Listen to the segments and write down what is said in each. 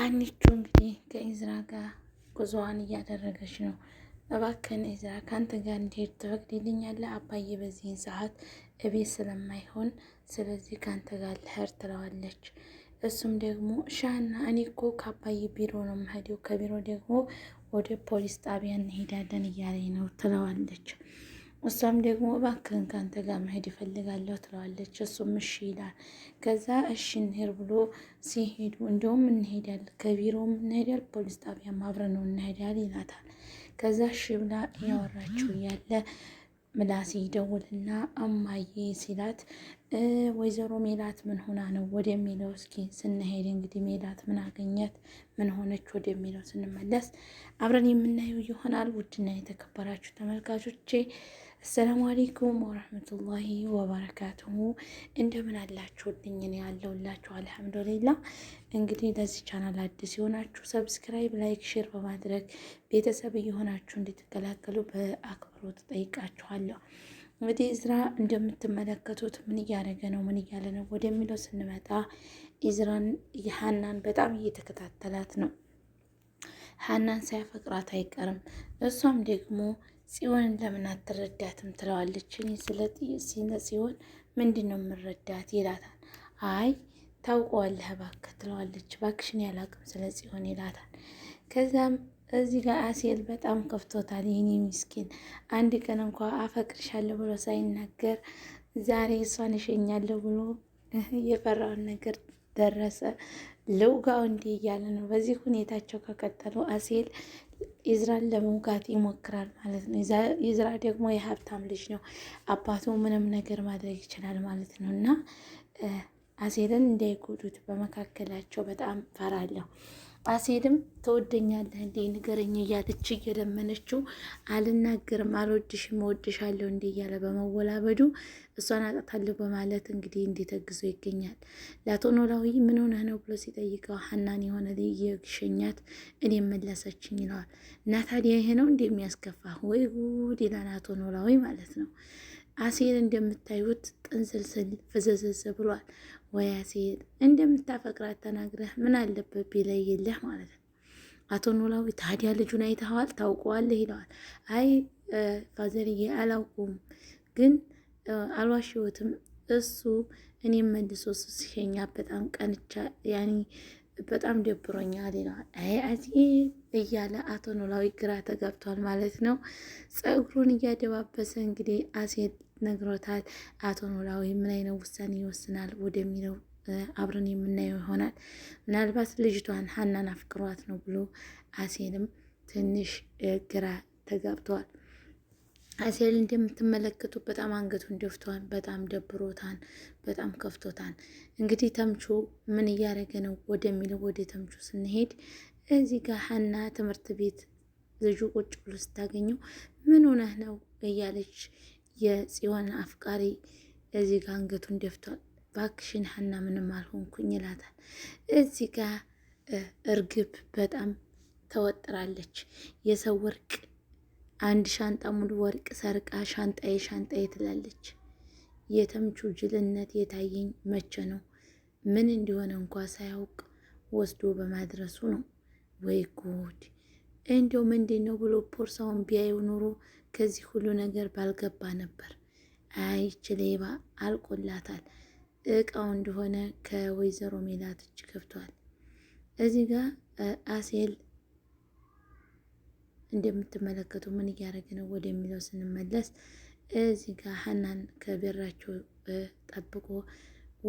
ሀኒቾ እንግዲህ ከኢዝራ ጋር ጉዞዋን እያደረገች ነው። እባክህን ኢዝራ ከአንተ ጋር እንዲሄድ ትፈቅድልኛለህ? አባዬ በዚህን ሰዓት እቤት ስለማይሆን ስለዚህ ከአንተ ጋር ልሄድ ትለዋለች። እሱም ደግሞ ሻና እኔ እኮ ከአባዬ ቢሮ ነው የምሄደው፣ ከቢሮ ደግሞ ወደ ፖሊስ ጣቢያ እንሄዳለን እያለኝ ነው ትለዋለች። እሷም ደግሞ እባክህን ካንተ ጋር መሄድ ይፈልጋለሁ ትለዋለች። እሱም እሺ ይላል። ከዛ እሺ እንሄድ ብሎ ሲሄዱ እንደውም እንሄዳል፣ ከቢሮም እንሄዳል፣ ፖሊስ ጣቢያ አብረን ነው እንሄዳል ይላታል። ከዛ እሺ ብላ እያወራችው እያለ ምላሴ ይደውልና አማዬ ሲላት ወይዘሮ ሜላት ምን ሆና ነው ወደሚለው እስኪ ስንሄድ እንግዲህ ሜላት ምን አገኘት ምን ሆነች ወደሚለው ስንመለስ አብረን የምናየው ይሆናል። ውድና የተከበራችሁ ተመልካቾቼ አሰላሙ አሌይኩም ወረህመቱላሂ ወበረካቱሁ እንደምን አላችሁልኝ? እኔ ያለሁላችሁ አልሐምዱሊላ። እንግዲህ ለዚህ ቻናል አዲስ የሆናችሁ ሰብስክራይብ፣ ላይክ፣ ሼር በማድረግ ቤተሰብ እየሆናችሁ እንድትቀላቀሉ በአክብሮት ጠይቃችኋለሁ። እንግዲህ ኢዝራ እንደምትመለከቱት ምን እያደረገ ነው፣ ምን እያለ ነው ወደሚለው ስንመጣ ኢዝራን ሀናን በጣም እየተከታተላት ነው። ሀናን ሳያፈቅራት አይቀርም። እሷም ደግሞ ጽዮን ለምን አትረዳትም ትለዋለች። እኔ ስለ ጽዮን ምንድን ነው የምረዳት ይላታል። አይ ታውቀዋለህ እባክህ ትለዋለች። እባክሽን ያላቅም ስለ ጽዮን ይላታል። ከዛም እዚህ ጋር አሴል በጣም ከፍቶታል። ይህኔ ምስኪን አንድ ቀን እንኳ አፈቅርሻለሁ ብሎ ሳይናገር ዛሬ እሷን እሸኛለሁ ብሎ የፈራውን ነገር ደረሰ። ልውጋው እንዲህ እያለ ነው። በዚህ ሁኔታቸው ከቀጠሉ አሴል ኢዝራን ለመውጋት ይሞክራል ማለት ነው። ይዝራ ደግሞ የሀብታም ልጅ ነው። አባቱ ምንም ነገር ማድረግ ይችላል ማለት ነው እና አሴልን እንዳይጎዱት በመካከላቸው በጣም ፈራለሁ። አሴድም ተወደኛለህ እንዴ ንገረኝ እያለች እየለመነችው አልናገርም፣ አልወድሽም፣ እወድሻለሁ እንዴ እያለ በመወላበዱ እሷን አጣታለሁ በማለት እንግዲህ እንዲተግዞ ይገኛል። ለአቶ ኖላዊ ምን ሆነህ ነው ብሎ ሲጠይቀው ሀናን የሆነ የሸኛት እኔ መለሰችኝ ይለዋል። እና ታዲያ ይሄ ነው እንዴ የሚያስከፋ ወይ ጉድ ይላል አቶ ኖላዊ ማለት ነው። አሴር እንደምታዩት ጥንስልስል ፍዝዝዝ ብሏል። ወይ አሴር እንደምታፈቅራት ተናግረህ ምን አለበት ቢለይልህ ማለት ነው። አቶ ኖላዊ ታዲያ ልጁን አይተኸዋል ታውቀዋለህ? ይለዋል። አይ ፋዘርዬ አላውቁም፣ ግን አልዋሽወትም እሱ እኔም መልሶ ሲሸኛ በጣም ቀንቻ ያኔ በጣም ደብሮኛል ይለዋል። አይ እያለ አቶ ኖላዊ ግራ ተጋብቷል ማለት ነው። ጸጉሩን እያደባበሰ እንግዲህ አሴት ነግሮታል። አቶ ኖላዊ ምን አይነት ውሳኔ ይወስናል ወደሚለው አብረን የምናየው ይሆናል። ምናልባት ልጅቷን ሀናን አፍቅሯት ነው ብሎ አሴልም ትንሽ ግራ ተጋብተዋል። አሴል እንደምትመለከቱ በጣም አንገቱን ደፍቷን፣ በጣም ደብሮታን፣ በጣም ከፍቶታን። እንግዲህ ተምቹ ምን እያደረገ ነው ወደሚለው ወደ ተምቹ ስንሄድ እዚህ ጋር ሀና ትምህርት ቤት ልጁ ቁጭ ብሎ ስታገኘው ምን ሆነህ ነው እያለች የጽዮን አፍቃሪ እዚህ ጋር አንገቱን ደፍቷል። ባክሽን ሀና ምንም አልሆንኩኝ ይላታል። እዚህ ጋር እርግብ በጣም ተወጥራለች። የሰው ወርቅ አንድ ሻንጣ ሙሉ ወርቅ ሰርቃ ሻንጣዬ ሻንጣዬ ትላለች። የተምቹ ጅልነት የታየኝ መቼ ነው? ምን እንዲሆነ እንኳ ሳያውቅ ወስዶ በማድረሱ ነው። ወይ ጉድ! እንዲው ምንድን ነው ብሎ ቦርሳውን ቢያየው ኑሮ ከዚህ ሁሉ ነገር ባልገባ ነበር። አይች ሌባ አልቆላታል። እቃው እንደሆነ ከወይዘሮ ሜላት እጅ ገብቷል። እዚህ ጋር አሴል እንደምትመለከቱ ምን እያደረገ ነው ወደሚለው ስንመለስ እዚህ ጋር ሀናን ከበራቸው ጠብቆ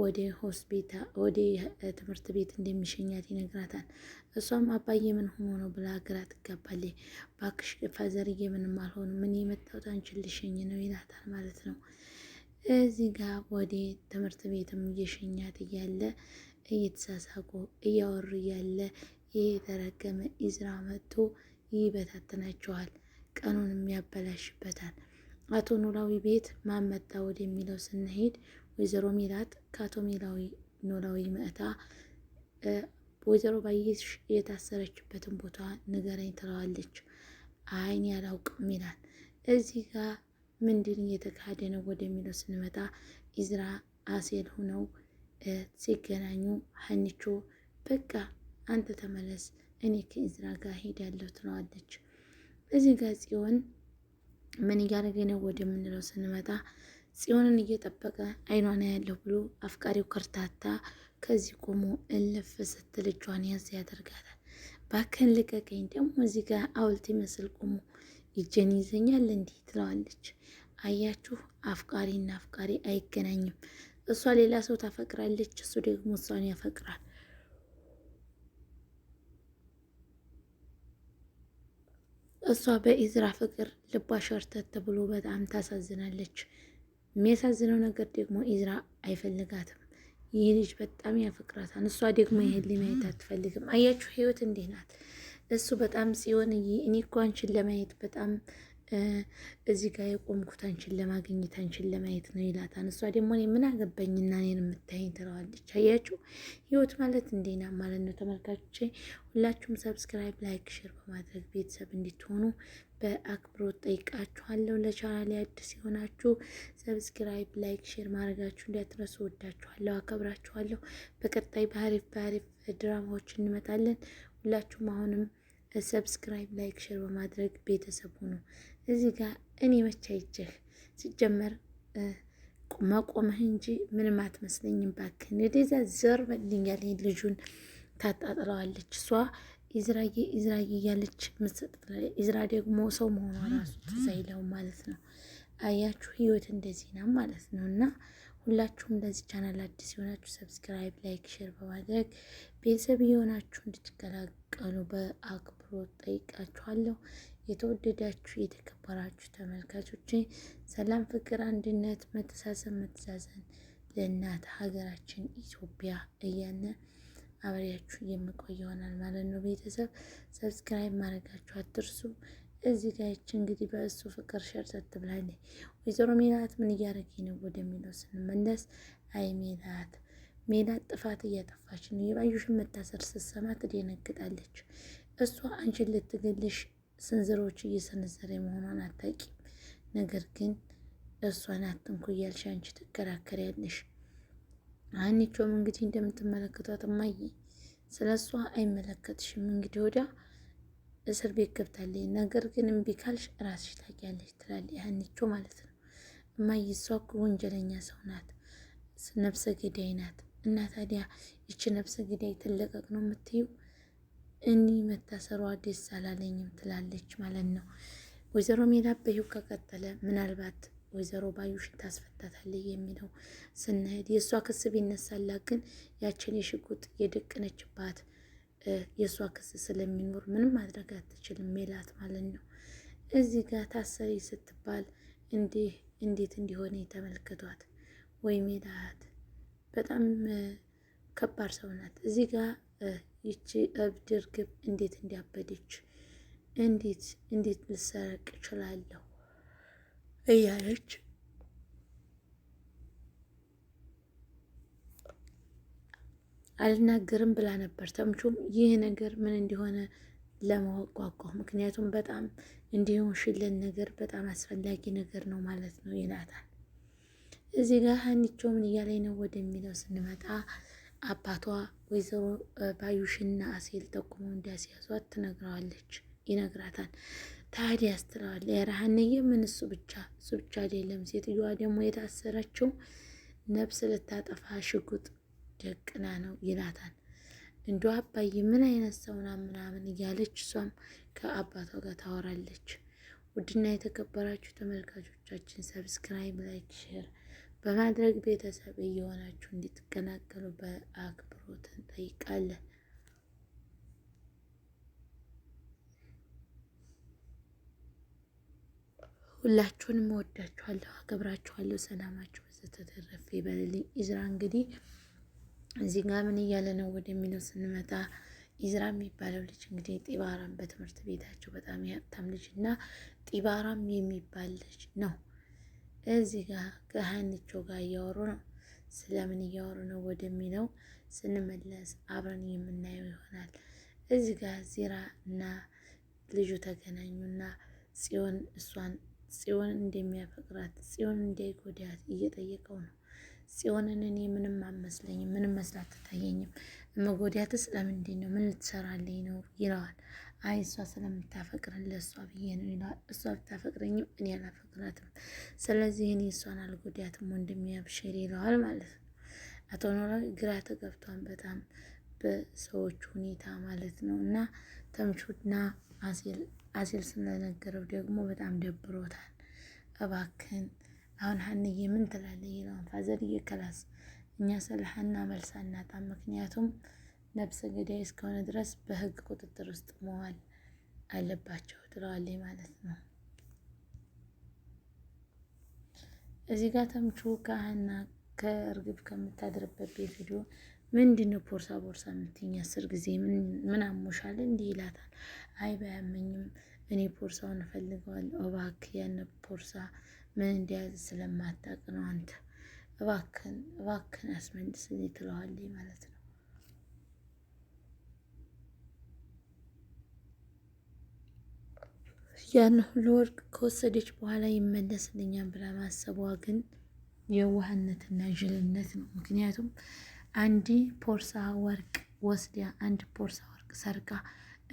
ወደ ሆስፒታል ወደ ትምህርት ቤት እንደሚሸኛት ይነግራታል። እሷም አባዬ ምን ሆኖ ነው ብላ ግራ ትጋባለች። ባክሽ ፋዘርዬ ምንም አልሆኑ ምን የመጣሁት አንቺን ልሸኝ ነው ይላታል ማለት ነው። እዚህ ጋር ወደ ትምህርት ቤትም እየሸኛት እያለ እየተሳሳቁ እያወሩ እያለ ይህ የተረገመ ኢዝራ መጥቶ ይበታትናቸዋል፣ ቀኑንም ያበላሽበታል። አቶ ኖላዊ ቤት ማመጣ ወደሚለው ስንሄድ ወይዘሮ ሚላት ከአቶ ኖላዊ መእታ ወይዘሮ ባየሽ የታሰረችበትን ቦታ ንገረኝ ትለዋለች። አይን ያላውቅም ይላል። እዚህ ጋር ምንድን እየተካሄደ ነው ወደሚለው ስንመጣ ኢዝራ አሴል ሁነው ሲገናኙ ሀኒቾ በቃ አንተ ተመለስ እኔ ከእዝራ ጋር ሄዳለሁ ትለዋለች። እዚህ ጋር ጽዮን ምን እያደረገ ነው ወደምንለው ስንመጣ ጽዮንን እየጠበቀ አይኗን ያለው ብሎ አፍቃሪው ከርታታ ከዚህ ቆሞ እልፍ ስትል እጇን ያዝ ያደርጋታል። ባከን ልቀቀኝ፣ ደግሞ እዚህ ጋር አውልት ይመስል ቆሞ እጄን ይዘኛል እንዲህ ትለዋለች። አያችሁ አፍቃሪና አፍቃሪ አይገናኝም። እሷ ሌላ ሰው ታፈቅራለች፣ እሱ ደግሞ እሷን ያፈቅራል። እሷ በኢዝራ ፍቅር ልቧ ሸርተት ብሎ በጣም ታሳዝናለች። የሚያሳዝነው ነገር ደግሞ ኢዝራ አይፈልጋትም። ይህ ልጅ በጣም ያፈቅራታል። እሷ ደግሞ ይህን ለማየት አትፈልግም። አያችሁ፣ ህይወት እንዲህ ናት። እሱ በጣም ጽዮን እኔ እኮ አንቺን ለማየት በጣም እዚህ ጋር የቆምኩት አንቺን ለማግኘት አንቺን ለማየት ነው ይላታል። እሷ ደግሞ እኔ ምን አገባኝና እኔን የምታይኝ ትለዋለች። አያችሁ ህይወት ማለት እንዴና ማለት ነው። ሁላችሁም ሰብስክራይብ፣ ላይክ፣ ሼር በማድረግ ቤተሰብ እንድትሆኑ በአክብሮት ጠይቃችኋለሁ። ለቻናሌ አዲስ የሆናችሁ ሰብስክራይብ፣ ላይክ፣ ሼር ማድረጋችሁ እንዳትረሱ። ወዳችኋለሁ፣ አከብራችኋለሁ። በቀጣይ በአሪፍ በአሪፍ ድራማዎች እንመጣለን። ሁላችሁም አሁንም ሰብስክራይብ ላይክ ሼር በማድረግ ቤተሰብ ሁኑ። እዚህ ጋር እኔ መቼ አይቼህ ሲጀመር መቆምህ እንጂ ምንም አትመስለኝም። ባክን ወደዛ ዘር በልኛል። ልጁን ታጣጥለዋለች እሷ ኢዝራዬ ኢዝራዬ እያለች ምሰጥ ኢዝራ ደግሞ ሰው መሆኗ ራሱ ትዝ አይለውም ማለት ነው። አያችሁ ህይወት እንደዚህ ነው ማለት ነው። እና ሁላችሁም ለዚህ ቻናል አዲስ የሆናችሁ ሰብስክራይብ፣ ላይክ፣ ሼር በማድረግ ቤተሰብ የሆናችሁ እንድትቀላቀሉ በአክብሮት ጠይቃችኋለሁ። የተወደዳችሁ የተከበራችሁ ተመልካቾች ሰላም፣ ፍቅር፣ አንድነት፣ መተሳሰብ፣ መተዛዘን ለእናት ሀገራችን ኢትዮጵያ እያለ አብሬያችሁ የምቆይ ይሆናል ማለት ነው። ቤተሰብ ሰብስክራይብ ማድረጋችሁ አትርሱ። እዚህ ጋር እንግዲህ በእሱ ፍቅር ሸርተት ብላለ። ወይዘሮ ሜላት ምን እያደረገ ነው ወደሚለው ስንመለስ አይ ሜላት ሜላት ጥፋት እያጠፋች ነው። የባዩሽን መታሰር ስትሰማ ትደነግጣለች። እሷ አንቺን ልትገልሽ ስንዝሮቹ እየሰነዘረ መሆኗን አታውቂም። ነገር ግን እሷን አትንኩ እያልሽ አንቺ ትከራከሪያለሽ። አንቺም እንግዲህ እንደምትመለከቷት እማዬ ስለ እሷ አይመለከትሽም። እንግዲህ ወዲያ እስር ቤት ገብታለች። ነገር ግን እምቢ ካልሽ ራስሽ ታውቂያለሽ ትላለች አንቺ ማለት ነው። እማዬ እሷ እኮ ወንጀለኛ ሰው ናት፣ ነብሰ ገዳይ ናት። እና ታዲያ ይቺ ነብሰ ገዳይ ትለቀቅ ነው የምትይው? እኔ መታሰሯ ደስ አላለኝም ትላለች ማለት ነው። ወይዘሮ ሜላት በህይወት ከቀጠለ ምናልባት ወይዘሮ ባዩሽን ታስፈታታለች የሚለው ስንሄድ የእሷ ክስ ቢነሳላት ግን ያችን የሽጉጥ የደቀነችባት የእሷ ክስ ስለሚኖር ምንም ማድረግ አትችልም ሜላት ማለት ነው። እዚህ ጋር ታሰሪ ስትባል እንዲህ እንዴት እንዲሆነ የተመልክቷት ወይ ሜላት በጣም ከባድ ሰው ናት። እዚህ ጋር ይቺ እብድ እርግብ እንዴት እንዲያበደች እንዴት እንዴት ልሰረቅ እችላለሁ እያለች አልናገርም ብላ ነበር። ተምቹም ይህ ነገር ምን እንደሆነ ለማወቅ ጓጓሁ። ምክንያቱም በጣም ሽልን ነገር በጣም አስፈላጊ ነገር ነው ማለት ነው ይላታል። እዚህ ጋር ሀኒቾ ምን እያለኝ ነው ወደሚለው ስንመጣ አባቷ ወይዘሮ ባዩሽና አሴል ጠቁሞ እንዲያስያዟት ትነግረዋለች፣ ይነግራታል። ታዲያ ያስትለዋል የረሃንዬ ምን እሱ ብቻ እሱ ብቻ አይደለም። ሴትዮዋ ደግሞ የታሰረችው ነብስ ልታጠፋ ሽጉጥ ደቅና ነው ይላታል። እንዲ አባዬ ምን አይነት ሰውና ምናምን እያለች እሷም ከአባቷ ጋር ታወራለች። ውድና የተከበራችሁ ተመልካቾቻችን ሰብስክራይብ፣ ላይክ፣ ሼር በማድረግ ቤተሰብ እየሆናችሁ እንድትቀላቀሉ በአክብሮት እንጠይቃለን። ሁላችሁንም እወዳችኋለሁ፣ አከብራችኋለሁ። ሰላማችሁ በተተረፈ ይበልልኝ። ኢዝራ እንግዲህ እዚህ ጋር ምን እያለ ነው ወደሚለው ስንመጣ ኢዝራ የሚባለው ልጅ እንግዲህ ጢባራም በትምህርት ቤታቸው በጣም ያጣም ልጅ እና ጢባራም የሚባል ልጅ ነው። እዚህ ጋር ከሀንቾ ጋር እያወሩ ነው። ስለምን እያወሩ ነው ወደሚለው ስንመለስ አብረን የምናየው ይሆናል። እዚህ ጋር ዚራ እና ልጁ ተገናኙና ጽዮን እሷን ጽዮን እንደሚያፈቅራት ጽዮን እንዳይጎዳት እየጠየቀው ነው። ጽዮንን እኔ ምንም አመስለኝም፣ ምንም መስላት ትታየኝም። መጎዳትስ ለምንድን ነው? ምን ልትሰራልኝ ነው? ይለዋል አይ እሷ ስለምታፈቅርን ለእሷ ብዬ ነው ይለዋል። እሷ ብታፈቅረኝም እኔ አላፈቅራትም፣ ስለዚህ እኔ እሷን አልጎዳትም ወንድሜ አብሽር ይለዋል ማለት ነው። አቶ ኖላዊ ግራ ተገብቷን በጣም በሰዎች ሁኔታ ማለት ነው። እና ተምቹና አሴል ስለነገረው ደግሞ በጣም ደብሮታል። እባክን አሁን ሀንዬ ምን ትላለ ይለዋል ፋዘርዬ ከላስ እኛ ስለ ሀና መልስ አናጣም፣ ምክንያቱም ነብሰ ገዳይ እስከሆነ ድረስ በህግ ቁጥጥር ውስጥ መዋል አለባቸው ትለዋለች ማለት ነው። እዚህ ጋር ተምቹ ከሀና ከእርግብ ከምታድርበት ቤት ሂዶ ምንድን ቦርሳ ቦርሳ የምትይኝ አስር ጊዜ ምን አሞሻል? እንዲህ ይላታል። አይ ባያመኝም እኔ ቦርሳውን እፈልገዋለሁ። እባክህ ያን ቦርሳ ምን እንዲያዝ ስለማታውቅ ነው አንተ እባክህን እባክህን አስመልስልኝ ትለዋለች ማለት ነው። ያን ሁሉ ወርቅ ከወሰደች በኋላ ይመለስልኛል ብላ ማሰቧ ግን የዋህነትና ጅልነት ነው። ምክንያቱም አንድ ፖርሳ ወርቅ ወስዲያ አንድ ፖርሳ ወርቅ ሰርቃ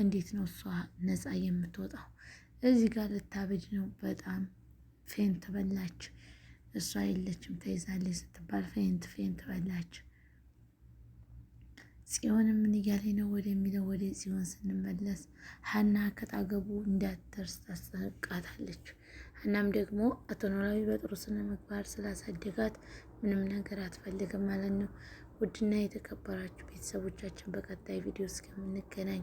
እንዴት ነው እሷ ነፃ የምትወጣው? እዚህ ጋር ልታበጅ ነው። በጣም ፌንት በላች። እሷ የለችም ተይዛለች ስትባል ፌንት ፌንት በላች። ጽዮን ምን እያለ ነው ወደሚለው ወደ ጽዮን ስንመለስ ሀና ከጣገቡ እንዳትደርስ ታስጠነቅቃታለች። ሀናም ደግሞ አቶ ኖላዊ በጥሩ ስነ ምግባር ስላሳደጋት ምንም ነገር አትፈልግም ማለት ነው። ውድና የተከበራችሁ ቤተሰቦቻችን በቀጣይ ቪዲዮ እስከምንገናኝ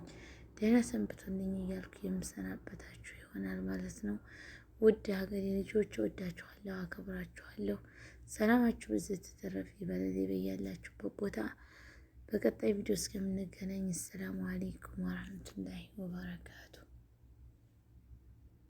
ደህና ሰንብቱልኝ እያልኩ የምሰናበታችሁ ይሆናል ማለት ነው። ውድ ሀገሬ ልጆች እወዳችኋለሁ፣ አከብራችኋለሁ። ሰላማችሁ ብዝት ትረፍ ይበለል በያላችሁበት ቦታ በቀጣይ ቪዲዮ እስከምንገናኝ፣ አሰላሙ አሌይኩም ወረህመቱላሂ ወበረካቱ።